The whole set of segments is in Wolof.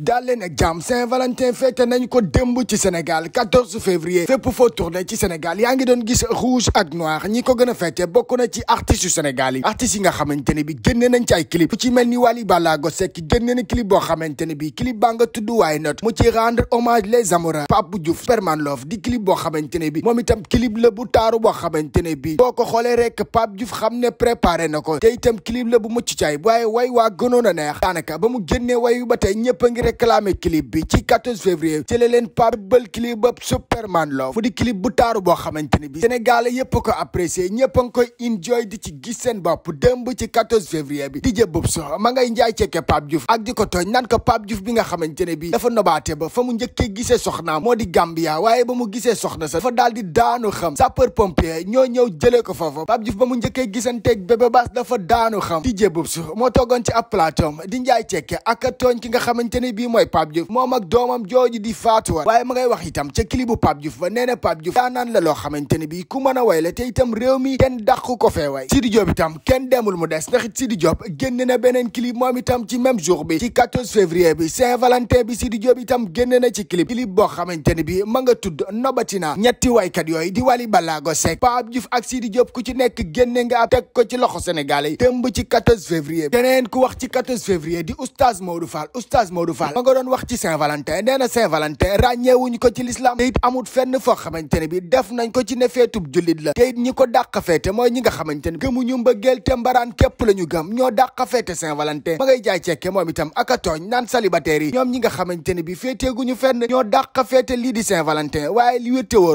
daal leen ak jàmm Saint-Valentin fête nañ ko démb ci Sénégal 14 février fépp foo tourné ci Sénégal yaa ngi doon gis rouge ak noir ñi ko gën a fête bokk na ci artistes yu Sénégal yi artistes yi nga xamante ne bi génne nañ ci ay clip ku ci mel ni Wally Ballago Seck génne na clip boo xamante ne bi clip baa nga tudd waaye not mu ci rendre hommage les amoureux Pape Diouf Superman Love di clip boo xamante ne bi moom itam clip la bu taaru boo xamante ne bi boo ko xoolee rek Pape Diouf xam ne préparé na ko te itam clip la bu mucc caay waaye way waa gënoon a neex daanaka ba mu génnee wayu ba tey ñëpp a réclamé clip bi ci 14 février jëlee leen pabal clip ba Superman Love fu di clip bu taaru bi Sénégal yëpp ko apprécié ñëpp a ngi koy enjoy di ci gis seen bopp démb ci 14 février bi DJ Boubso ma ngay njaay cekke Pape Diouf ak di ko tooñ naan ko Pape Diouf bi nga xamante ne bi dafa nobaate ba fa mu njëkkee gisee soxna moo di Gambia waaye ba mu gisee soxna sa dafa di daanu xam sapeur pompier ñoo ñëw jëlee ko foofa Pape Diouf ba mu njëkkee gisanteeg bébé baas dafa daanu xam ci ab plateau di njaay cekke ak tooñ ki nga xamante bii mooy Pape Diouf moom ak doomam jooju di faatuwa waaye ma ngay wax itam ca kilibu Pape Diouf ba nee na Pape Diouf daanaan la loo xamante ne bii ku mën a way la te itam réew mi kenn dàqu ko fee way Sidi Diop itam kenn demul mu des ndax it Sidi Diop génne na beneen clip moom itam ci même jour bi ci 14 février bi Saint-Valentin bi Sidi Diop itam génne na ci clip clip boo xamante ne bii ma nga tudd nobatina ñetti waykat yooyu di Wally Ballago Seck Pape Diouf ak Sidi Diop ku ci nekk génne nga ab ko ci loxo Sénégalais yi tëmb ci 14 février keneen wax ci 14 février di oustaz Modou Fall oustaz Fall ma nga doon wax ci Saint-Valentin nee na Saint-Valentin ràññeewuñ ko ci l'islam te it amut fenn foo xamante ne bi def nañ ko ci ne feetub jullit la te ñi ko dàq feete mooy ñi nga xamante ne gëmuñu mbëggeel te mbaraan képp la ñu gëm ñoo dàq feete Saint-Valentin ma ngay jaay cekke moom itam a tooñ naan célibataire yi ñoom ñi nga xamante ne bi féeteeguñu fenn ñoo dàq feete lii di Saint-Valentin waaye li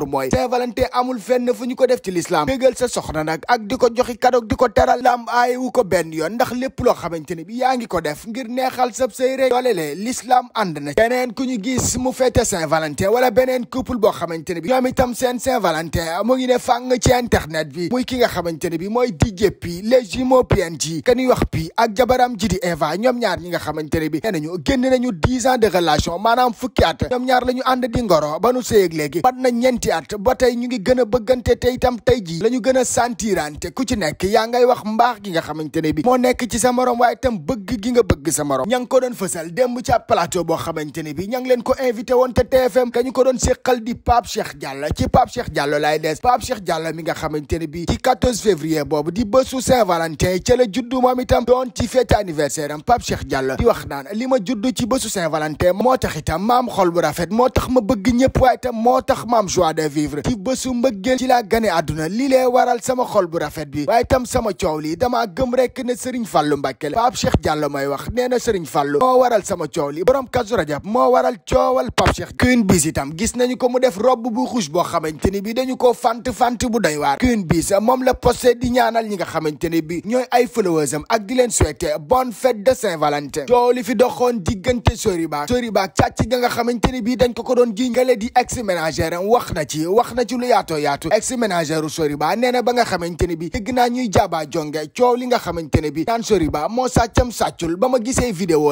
mooy saint amul fenn fu ñu ko def ci l'islam bégal sa soxna nag ak di ko joxi kado di ko teral lam aayewu ko benn yoon ndax lépp loo xamante ne bi yaa ngi ko def ngir neexal sab sëy rek doole le l'islam ànd na beneen ku ñu gis mu fête Saint-Valentin wala beneen couple boo xamante ne bi ñoom itam seen Saint-Valentin mu ngi ne fàng ci internet bi muy ki nga xamante ne bi mooy DJ Pi les jumeaux PNJ kanuy wax Pi ak jabaram ji di Eva ñoom ñaar ñi nga xamante ne bi nee nañu génn nañu dix ans de maanaam fukki at ñoom ñaar la ñu ànd di ngoro ba nu séyeg léegi bat na ñeenti at ba tey ñu ngi gën a bëggante te itam tey jii la ñu gën a sentirante ku ci nekk yaa ngay wax mbaax gi xamante ne bi moo nekk ci sa morom waaye itam bëgg gi nga bëgg sa morom ña ngi ko doon fësal démb ca plateau boo xamante ni bi ña ngi leen ko invité woon te TFM ka ñu ko doon séqal di Pape Cheikh Diallo ci Pape Cheikh Diallo lay des Pape Cheikh Diallo mi nga xamante ni bi ci 14 février boobu di bésu Saint-Valentin ca la juddu moom itam doon ci fête anniversaire am Pape Cheikh Diallo di wax naan li ma judd ci bésu Saint-Valentin moo tax itam maam xol bu rafet moo tax ma bëgg ñëpp waaye itam moo tax maam joie de vivre ci bésu mbëggeel ci laa gane àdduna li lee waral sama xol bu rafet bi waaye itam sama coow lii damaa gëm rek ne Serigne Fallou Mbacké la Pape Cheikh Diallo wax nee na Serigne Fallou moo borom kazu moo waral coowal Pape Cheikh Queen Biz itam gis nañu ko mu def robb bu xuus boo xamante ni bi dañu koo fant fant bu doy waar Queen Biz moom la posté di ñaanal ñi nga xamante ni bi ñooy ay followers am ak leen souhaiter bonne fête de Saint-Valentin coow li fi doxoon diggante Soriba Soriba càcc ga nga xamante ni bi dañ ko ko doon ji ngale di ex ménagère am wax na ci wax na ci lu yaatoo yaatu ex ménagère Soriba nee na ba nga xamante ni bi dégg naa ñuy jaabaa jonge coow li nga xamante ne bi naan Soriba moo sàccam sàccul ba ma gisee vidéo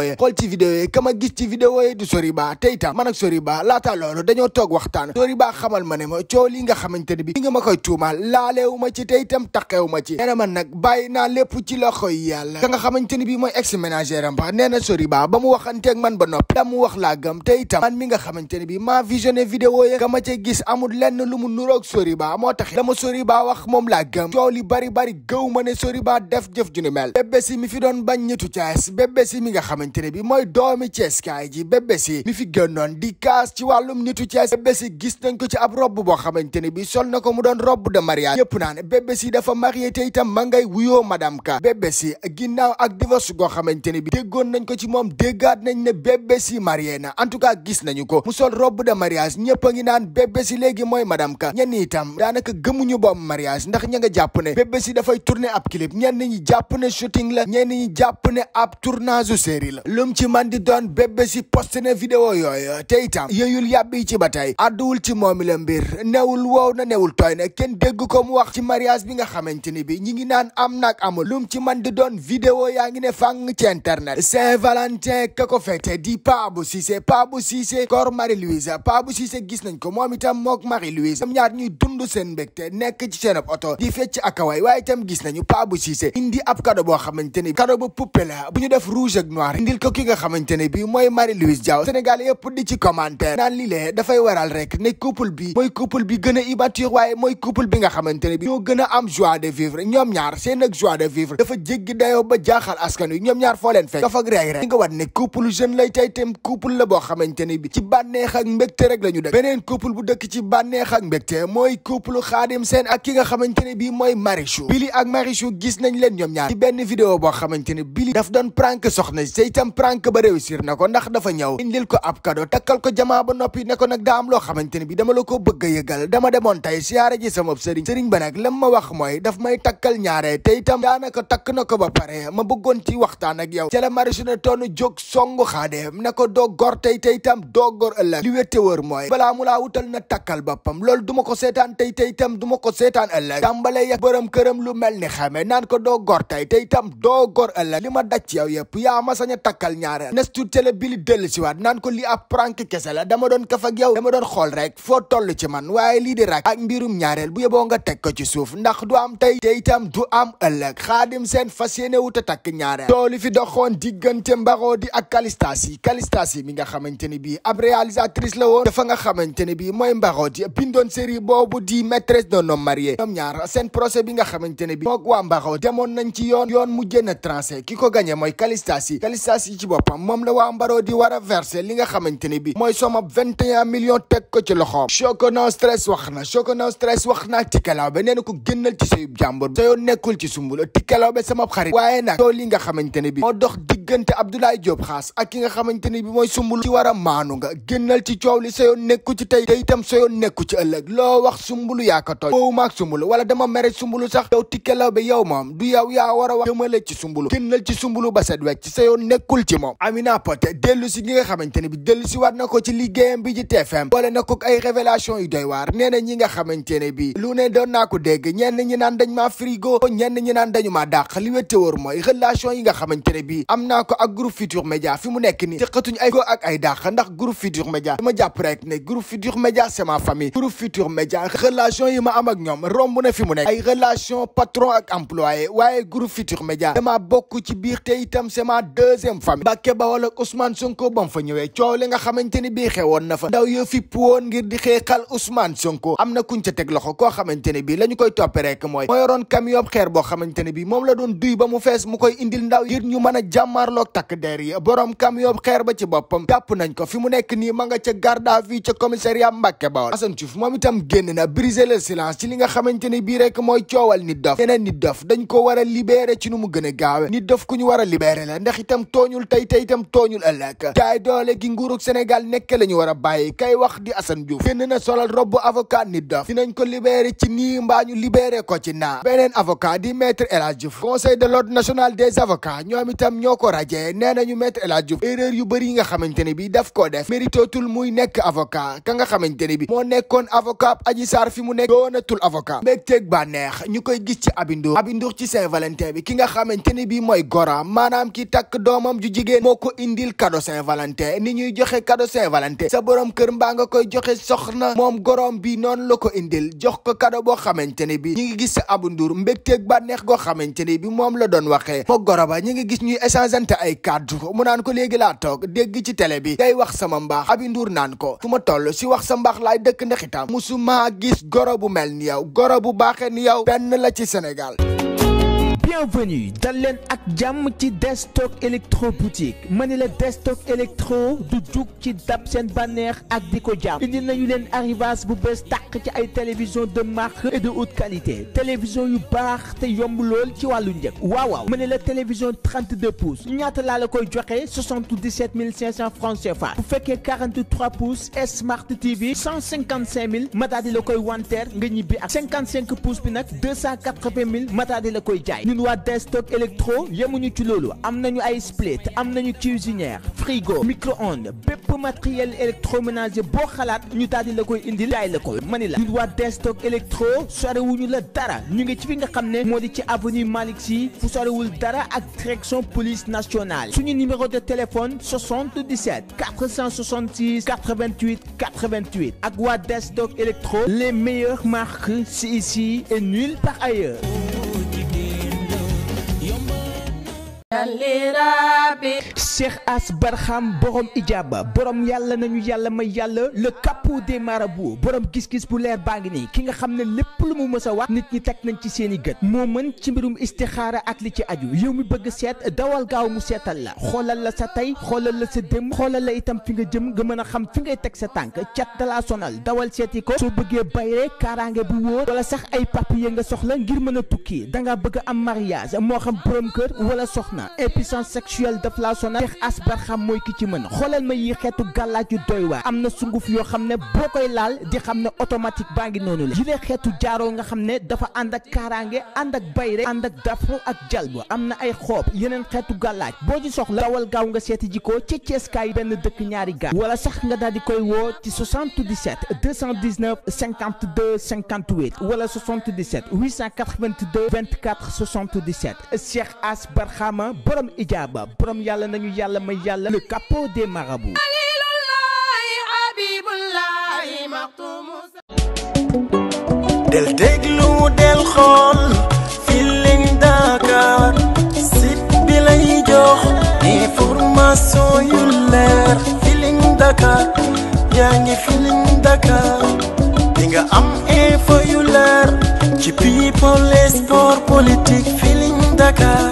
gis ci vidéo yi du Soriba te itam man ak Soriba laata loolu dañoo toog waxtaan Soriba xamal ma ne ma coow li nga xamante ne bi li nga ma koy tuumaal laaleewu ma ci te itam taqeewu ma ci na man nag bàyyi naa lépp ci loxo yi yàlla ka nga xamante ne bi mooy ex ménagère am ba nee na Soriba ba mu waxanteeg man ba noppi da mu wax laa gam te itam man mi nga xamante ne bi maa visionné vidéo yi ka ma cee gis amul lenn lu mu nuroog Soriba moo tax dama Soriba wax moom laa gëm coow li bari bari gaw ma ne Soriba def jëf ju ni mel bébé mi fi doon bañ ñitu Thiès bébé si mi nga xamante ne bi mooy doomi Thiès yéenekaay ji BBC mi fi gënnoon di kaas ci wàllum nitu gis nañ ko ci ab robb boo xamante ne bi sol na ko mu doon robb de mariage ñëpp naan BBC dafa marié te itam ma ngay wuyoo madame Ka BBC ginnaaw ak divorce goo xamante ne bi déggoon nañ ko ci moom déggaat nañ ne BBC marié na en tout cas gis nañu ko mu sol robb de ñëpp a ngi naan BBC léegi mooy madame Ka ñenn itam daanaka gëmuñu boobu mariage ndax ña nga jàpp ne BBC dafay tourner ab clip ñenn ñi jàpp ne shooting la ñi jàpp ne ab tournage série la lum ci man di doon bébé si posté na vidéo yooyu te itam yëyul yàbb ci ba tey àdduwul ci moomi la mbir newul woow na newul tooy na kenn dégg ko mu wax ci mariage bi nga xamante ni bi ñi ngi naan am nag amul lum ci man doon vidéo yaa ngi ne fàng ci internet Saint-Valentin ka ko fete di Pabou Cissé Pabou Cissé kor Marie-Louise Pabou Cissé gis nañ ko moom itam mook Marie-Louise am ñaar ñuy dund seen mbégte nekk ci seen oto di fecc ak way waaye itam gis nañu Pabou Cissé indi ab kado boo xamante ni kado bu poupée la bu ñu def rouge ak noir ko ki nga xamante ne bi bi mari Marie-Louise Diaw Sénégal yëpp di ci commentaire naan lii lee dafay waral rek ne couple bi mooy couple bi gën a immature waaye mooy couple bi nga xamante ne bi gën a am joie de vivre ñoom ñaar seen a joie de vivre dafa jéggi dayoo ba jaaxal askan wi ñoom ñaar foo leen fekk dafa nga wat ne couple jeune lay tey tam couple la boo xamante ne bi ci bànneex ak mbégte rek la ñu dëkk beneen couple bu dëkk ci bànneex ak mbégte mooy couple Xaadim seen ak ki nga xamante ne bi mooy Marichou Billy ak mari Marichou gis nañ leen ñoom ñaar benn vidéo boo xamante ne Billy daf doon prank soxna se itam prank ba réussir na na ko ndax dafa ñëw indil ko ab kado takkal ko jamaa ba noppi ne ko nag daa am loo xamante ne bi dama la ko bëgg a yëgal dama demoon tey siyaare ji sama sëriñ sëriñ ba nag lam ma wax mooy daf may takkal ñaare te itam takk na ko ba ma bëggoon ci waxtaan ak yow ci la Marichou ne toon jóg songu xaadeem ne ko doo gor tey tey itam doo gor ëllëg li wette wër mooy balaa mu laa wutal na takkal boppam loolu duma ko seetaan tey tey tam duma ko seetaan ëllëg tàmbale yak borom këram lu mel ni xame naan ko doo gor tey tey tam doo gor ëllëg li ma daj ci yow yëpp yaa ma sañ a takkal ñaare la bili dellu si waat naan ko li ab prank kese doon kaf ak yow dama doon xool rek foo toll ci man waaye lii di rak ak mbirum ñaareel bu yeboo nga teg ko ci suuf ndax du am tey te itam du am ëllëg xaadim seen fas yéene wu a takk ñaareel tooli fi doxoon diggante mbaroo di ak kalistasi kalistasi mi nga xamante ni bii ab réalisatrice la woon dafa nga xamante ne bii mooy mbaroo di bindoon série boobu di maîtresse d'un homme marié ñoom ñaar seen procès bi nga xamante ne bii moog waa mbaroo demoon nañ ci yoon yoon mujjee na tranché ki ko gagné mooy kalistasi kalistasi ci bambaro di war a verser li nga xamante ni bi mooy somab 21 millions teg ko ci loxoom Choco no stress wax na Choco no stress wax naa tikkalaaw be nee na ko génnal ci sayub jàmbur nekkul ci sumbula tikkalaaw be sama xarit waaye nag li nga xamante ni bi moo diggante Abdoulaye Diop xaas ak ki nga xamante ni bi mooy sumbul ci war a maanu nga génnal ci coow li sa yoon nekku ci tey te itam sa yoon nekku ci ëllëg loo wax sumbulu yaa ko tooñ boobu maag sumbulu wala dama mere sumbulu sax yow tikkelaw bi yow moom du yow yaa war a wax jëmale ci sumbulu génnal ci sumbulu ba set wecc sa yoon nekkul ci moom Amina Poté dellu si gi nga xamante ni bi dellu si waat na ko ci liggéeyam bi ci TFM boole na ko ay révélation yu doy waar na ñi nga xamante ne bi lu ne doon naa ko dégg ñenn ñi naan dañ maa frigo naan dañu maa dàq li wétte wóor mooy relation yi nga xamante ne bi naa ko ak groupe Futur Média fi mu nekk nii jëqatuñ ay góor ak ay dàq ndax groupe Futur Média ma jàpp rek ne groupe Futur Média c'est ma famille groupe Futur Média relation yi ma am ak ñoom romb na fi mu nekk ay relation patron ak employé waaye groupe Futur Média dama bokk ci biir te itam c'est ma deuxième famille Mbàkke Bawol ak Ousmane Sonko bam fa ñëwee coow li nga xamante ni bii xewoon na fa ndaw yo fipp woon ngir di xeexal Ousmane Sonko am na kuñ ca teg loxo koo xamante ne bii la ñu koy toppe rek mooy moo yoroon camion xeer boo xamante ne bii moom la doon ba mu fees mu koy indil ndaw ngir ñu mën a jàmmaarloog takk der yi borom camion xeer ba ci boppam jàpp nañ ko fi mu nekk nii ma nga ca garde ca commissariat Mbàkke Bawol Assane Diouf moom itam génn na li nga xamante ni dof dañ ko war a ci nu gën a gaawe nit dof ku ñu war a libérer la ndax itam tooñul tey tey itam tooñul ëllëg jaay doole gi nguurug Sénégal nekk la ñu war a kay wax di Assane Diouf génn na solal robbu avocat nit dof dinañ ko libérer ci nii mbaa ñu ko ci naa beneen avocat di maître El rajee nee nañu maître El Hadji Diouf erreur yu bëri yi nga xamante ne daf koo def méritootul muy nekk avocat ka nga xamante ne bi moo nekkoon avocat Adji Sarr fi mu nekk doonatul avocat mbégteeg banneex ñu koy gis ci abindour abindour ci Saint-Valentin bi ki nga xamante ne bi mooy goraam maanaam ki takk doomam ju jigéen moo ko indil cadeau Saint-Valentin ni ñuy joxe cadeau saint sa borom kër mbaa nga koy joxe soxna moom gorom bi noonu la ko indil jox ko cadeau boo xamante ne bi ñu ngi gis sa abindour mbégteeg goo xamante ne bi moom la doon waxee ñuy échange te ay kàddu mu naan ko léegi laa toog dégg ci télé bi ngay wax sama mbaax abi nduur naan ko fu ma toll si wax sa mbaax laay dëkk ndax itam musuma gis goro bu mel ni yow goro bu baaxee ni yow benn la ci Sénégal bienvenue dal leen ak jàmm ci destock électro boutique ma ni la destock électro du jug ci dab seen bànneex ak di ko jàmm indi nañu leen arrivage bu bees tàq ci ay télévision de marque et de haute qualité télévision yu baax te yomb lool ci wàllu njëg waaw waaw ma ni la télévision 32 pouces ñaata laa la koy joxe mille 500 francs CFA bu fekkee 43 pouces smart TV 155 000 ma daal di la koy wanteer nga ñibbi ak 55 pouces bi nag 280 000 ma daal di la koy jaay waa waa Destock Electro yemuñu ci loolu am na ñu ay split am na ñu nañu cuisinière frigo micro-ondes bépp matériel électroménager boo xalaat ñu daal la koy indil jaay la ko mani la ñun waa Destock Electro sorewuñu la dara ñu ngi ci fi nga xam ne moo di ci avenue malik si fu sorewul dara ak direction police nationale suñu numéro de téléphone 77 466 88 88 ak waa Destock Electro les meilleures marques c'est ici et nulle part ailleurs Cheikh As Barham borom ijaaba borom yàlla na ñu yàlla may yàlla le capot des marabouts borom gis-gis bu leer baa ngi nii ki nga xam ne lépp lu mu mës a wax nit ñi teg nañ ci seen i gët moo mën ci mbirum istixaara ak li ci aju yow mi bëgg seet dawal gaaw mu seetal la xoolal la sa tey xoolal la sa démb xoolal la itam fi nga jëm nga mën a xam fi ngay teg sa tànk cat dalaa sonal dawal seeti ko soo bëggee bayre kaaraange bu wóor wala sax ay papier nga soxla ngir mën a tukki da nga bëgg am mariage moo xam borom kër wala soxna impuissance sexuelle daf laa sonal Cheikh As Barham mooy ki ci mën xoolal ma yi xeetu gàllaaj yu doy waar am na sunguf yoo xam ne boo koy laal di xam ne automatique baa ngi noonu la yilee xeetu jaaro nga xam ne dafa ànd ak kaaraange ànd ak bayre ànd ak dafro ak jalba am na ay xoob yeneen xeetu gàllaaj boo ci soxla dawal gaaw nga seeti ji ko ci Ceeskaay benn dëkk ñaari gaar wala sax nga daal di koy woo ci 77 219 52 58 wala 77 882 24 77 Cheikh As Barhama borom ijaaba borom yàlla nañu yàlla may yàlla le capot des marabouts del déglu del xool Feeling Dakar site bi lay jox information yu leer Feeling Dakar yaa ngi Feeling Dakar di nga am info yu leer ci people sport politique Feeling Dakar